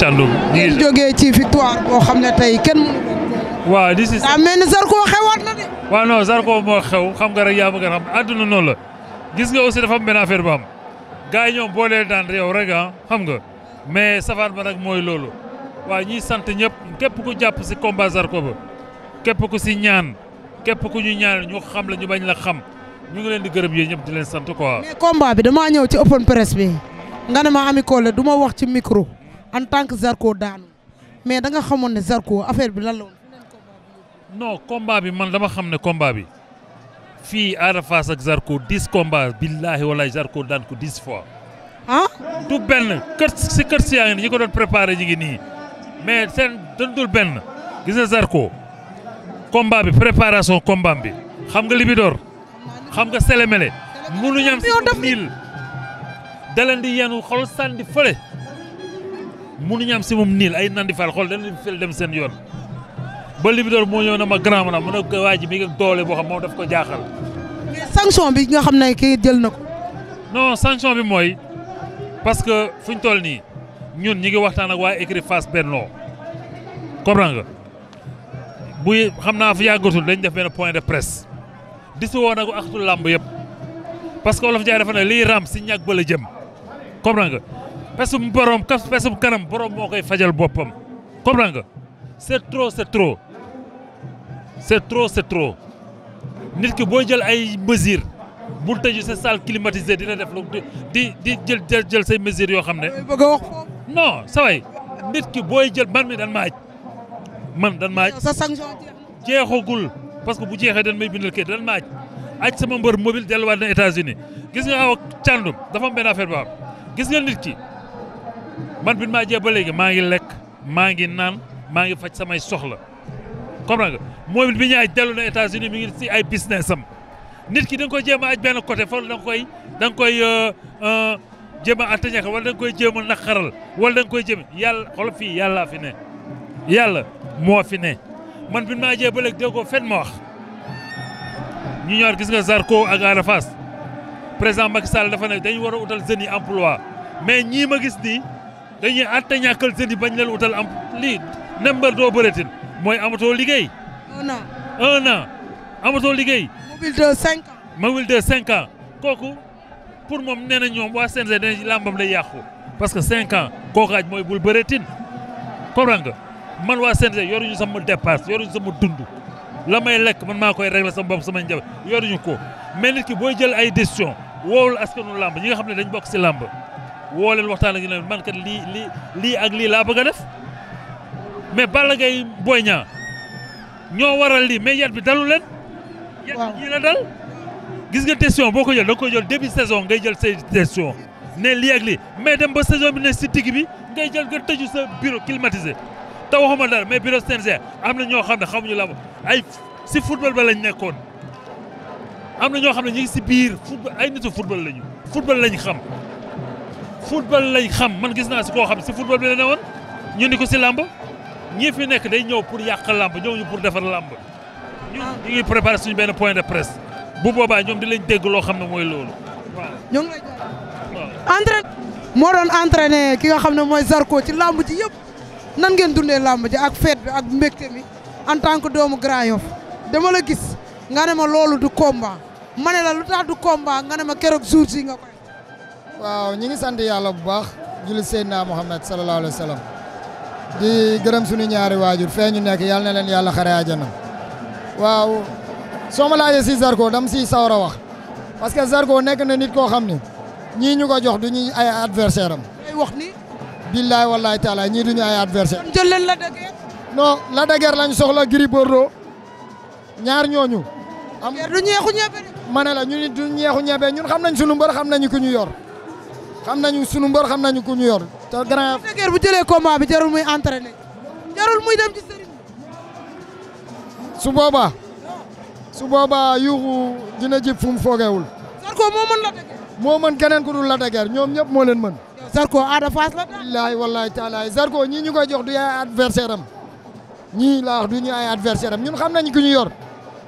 waxtaan loolu. ñu ci victoire boo xam ne tey kenn. waaw di si daa mel ni Zarko xewaat na de. waaw non Zarko moo xew xam nga rek yaa ma gën a xam àdduna noonu la gis nga aussi dafa am affaire bu am gars yi ñoom boo leen daan ah, xam nga mais safaan ba nag mooy loolu waa ñuy sant ñëpp képp ku jàpp si combat Zarko ba képp ku si ñaan képp ku ñu ñaan ñu xam la ñu bañ la xam ñu ngi leen di gërëm yéen ñëpp di leen sant quoi. mais combat bi damaa ñëw ci open press bi nga ne ma amicoo la du ma wax ci micro. en tant que Zarko daanu mais da nga xamoon ne Zarko affaire bi lan la woon. non combat bi man dama xam ne combat bi fii Ada Fass ak Zarko dix combats billaahi walaay Zarko daan ko dix fois. ah. du benn kër si kër si yaa ko doon préparé ñu ngi nii mais seen dëndul benn gis nga Zarko combat bi préparation combat bi xam nga libidoor xam nga selemele mënuñu am si niil daleen di yenu xol sànni mënuñu am si moom niil ay nandi fal xool dañu fil dem seen yoon ba Libidor moo ñëw na ma grand ma mu ne ko waa ji mi ngi doole boo xam moom daf ko jaaxal. mais sanction nga xam ne kii jël na ko. non sanction bi mooy parce que fu ñu toll nii ñun ñi ngi waxtaan ak waa écrit face Benno comprends nga buy xam naa fi yàggatul dañ def benn point de presse di si woon ak axtu làmb yëpp parce que olof Ndiaye dafa ne liy ram si ñàkk ba a jëm comprends pesum borom kas pesum kanam borom moo koy fajal boppam comprends nga c'est trop c'est trop c'est trop nit ki booy jël ay mesures bul tëju sa salle climatisée dina def lu di di jël jël say mesures yoo xam ne. bëgg a wax non sa nit ki booy jël man mi dan maaj man dan maaj. sa sanction jeexagul parce que bu jeexee dan may bindal kii dan maaj aj sama mbër mobile delluwaat na États-Unis gis nga aw càndum dafa am benn affaire bu am gis nga nit ki. man bi ma jee ba léegi maa ngi lekk maa ngi naan maa ngi faj samay soxla comprendre nga moom it bi ñaay dellu na États-Unis mi ngi si ay business am nit ki da nga koy jéem a aj benn côté foofu da koy da koy euh, euh, jéem a attañaka wala da nga koy jéem a naqaral wala da koy jéem yàlla xool fii yàlla fi ne yàlla moo fi ne man bin ma jee ba léegi dégg ko fenn ma wax ñu ñëwaat gis nga Zarko ak Ada Fass président Macky Sall dafa ne dañu war a utal jeunes yi emploi mais ñii ma gis nii dañuy àtte ñàkkal seen yi bañ leen utal am lii nembar doo bëretin mooy amatoo liggéey. un an un an amatoo liggéey. mobile de cinq ans. mobile de cinq ans kooku pour moom nee na ñoom waa CNG dinañ làmbam day yàqu parce que cinq ans kookaaj mooy bul bëretin comprendre nga. man waa CNG yoruñu sama dépasse yoruñu sama dund la may lekk man maa koy régler sama bopp sama njaboot yoruñu ko mais nit ki booy jël ay décision woowul askanu làmb ñi nga xam ne dañ bokk ci làmb woo leen waxtaan ak ñu man kat lii lii lii ak lii laa bëgg def mais Balla Gaye Boy Niang ñoo waral lii mais yat bi dalu leen. yat bi ñii la dal. gis nga décision boo ko jël da nga koy jël début saison ngay jël say décision ne lii ak lii mais dem ba saison bi ne si digg bi ngay jël nga tëju sa bureau climatisé te waxuma dara mais bureau CNG am na ñoo xam ne xamuñu la ay si football ba lañ nekkoon am na ñoo xam ne ñu ngi si biir football ay nitu football lañu football lañ xam. football lay xam man gis naa si koo xam si football bi la ne woon ñu ni ko si làmb ñi i nekk day ñëw pour yàq làmb ñëw ñu pour defar làmb ñu ah. ñu ngi préparé benn point de presse bu boobaa ñoom di lañ dégg loo xam ne mooy loolu waaw ñu moo doon entraîné ki nga xam ne mooy Zarko ci làmb ji yëpp nan ngeen dundee làmb ji ak fête bi ak mbégte mi en tant que doomu Grand Yoff dama la gis nga ne ma loolu du combat ma ne la lu tax du combat nga ne ma keroog jour si nga waaw ñi ngi sant yàlla bu baax julli Seydina Muhammad sallallahu alayhi wa sallam di gërëm suñu ñaari waajur fee ñu nekk yàlla na leen yàlla xare àjjana waaw soo ma laajee si sarko dam si sawar a wax parce que Zarko nekk na nit koo xam ne ñii ñu ko jox du ñuy ay adversaire am ay wax ni billaay wallaay taala ñii du ñu ay adversaire kon la dëgër non la dëgër lañ soxla Gris Bordeaux ñaar ñooñu am du ñeexu la ñu nit du ñeexu ñebe ñun xam nañ sunu mbër xam nañu ku ñu yor xam nañu sunu mbor xam nañu ku ñu yor te grand. bu jëlee combat bi jarul muy entraîné jarul muy dem boobaa su boobaa fu mu foogeewul. Zarko moo mën la moo mën keneen ku la dëgër ñoom ñëpp moo leen mën. Zarko aada faas la. wallaahi wallaahi ñii ñu koy jox du ay adversaire am ñii laa wax ñu ay adversaire am ñun xam ku ñu yor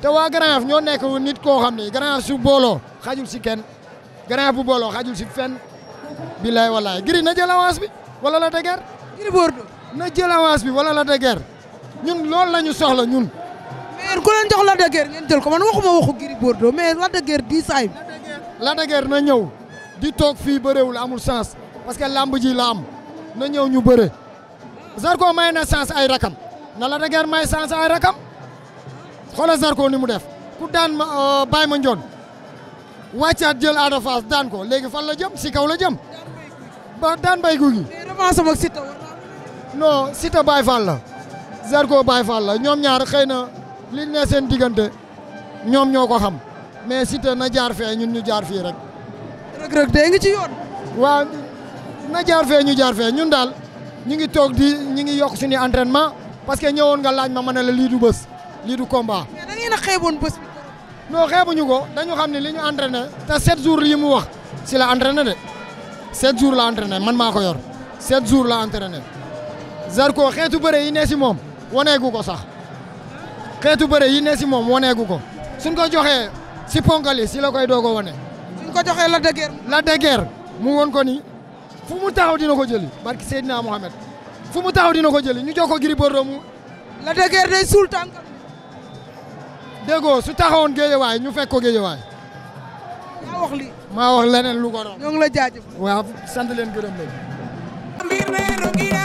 te waa Grand ñoo nekk nit ko xam ne Grand Yoff su booloo xajul si kenn Grand Yoff bu booloo xajul si fen billaay wallaay Gris na jël avance bi wala la de guerre. Gris na jël avance bi wala la de guerre ñun loolu lañu soxla ñun. mais ku leen jox la de ngeen jël ko man waxuma waxu Gris Bordeaux mais la de guerre di saay. la de guerre na ñëw di toog fii bëreewul amul sens parce que làmb ji la am na ñëw ñu bëre. Zarko may na sens ay rakam na la de guerre may sens ay rakam xoolal Zarko ni mu def ku daan ma euh, bàyyi ma njoon. wàccaat jël Ada daan ko léegi fan la jëm si kaw la jëm. ba daan bay gu gi. non Siteu Baye Fall la. Zarko Baye Fall la ñoom ñaar xëy na liñ ne seen diggante ñoom ñoo ko xam mais Siteu na jaar fee ñun ñu jaar fii rek. Reug Reug dee nga ci yoon. waaw na jaar fee ñu jaar fee ñun daal ñu ngi toog di ñu ngi yokk suñu entraînement parce que ñëwoon nga laaj ma ma ne la lii du bës lii du combat. non xeebuñu ko dañu xam ne li ñu entraîné te 7 jours yi mu wax si la entraîné de 7 jours la entraîné man maa ko yor 7 jours la entraîné Zarko xeetu bëre yi ne si moom waneegu ko sax xeetu bëre yi ne si moom waneegu ko suñ ko joxee si ponkali si la koy doog a wane. suñ ko joxee la de guerre. la de mu woon ko ni fu mu taxaw dina ko jëli barki Seydina Mohamed fu mu taxaw dina ko jëli ñu jox ko Gris Bordeaux mu. la de guerre suul tànk. déggoo su taxawoon géejewaay ñu fekk ko géejewaay. maa wax li maa wax leneen lu ko ñoo ngi la jaajëf. waaw sant leen gërëm leen.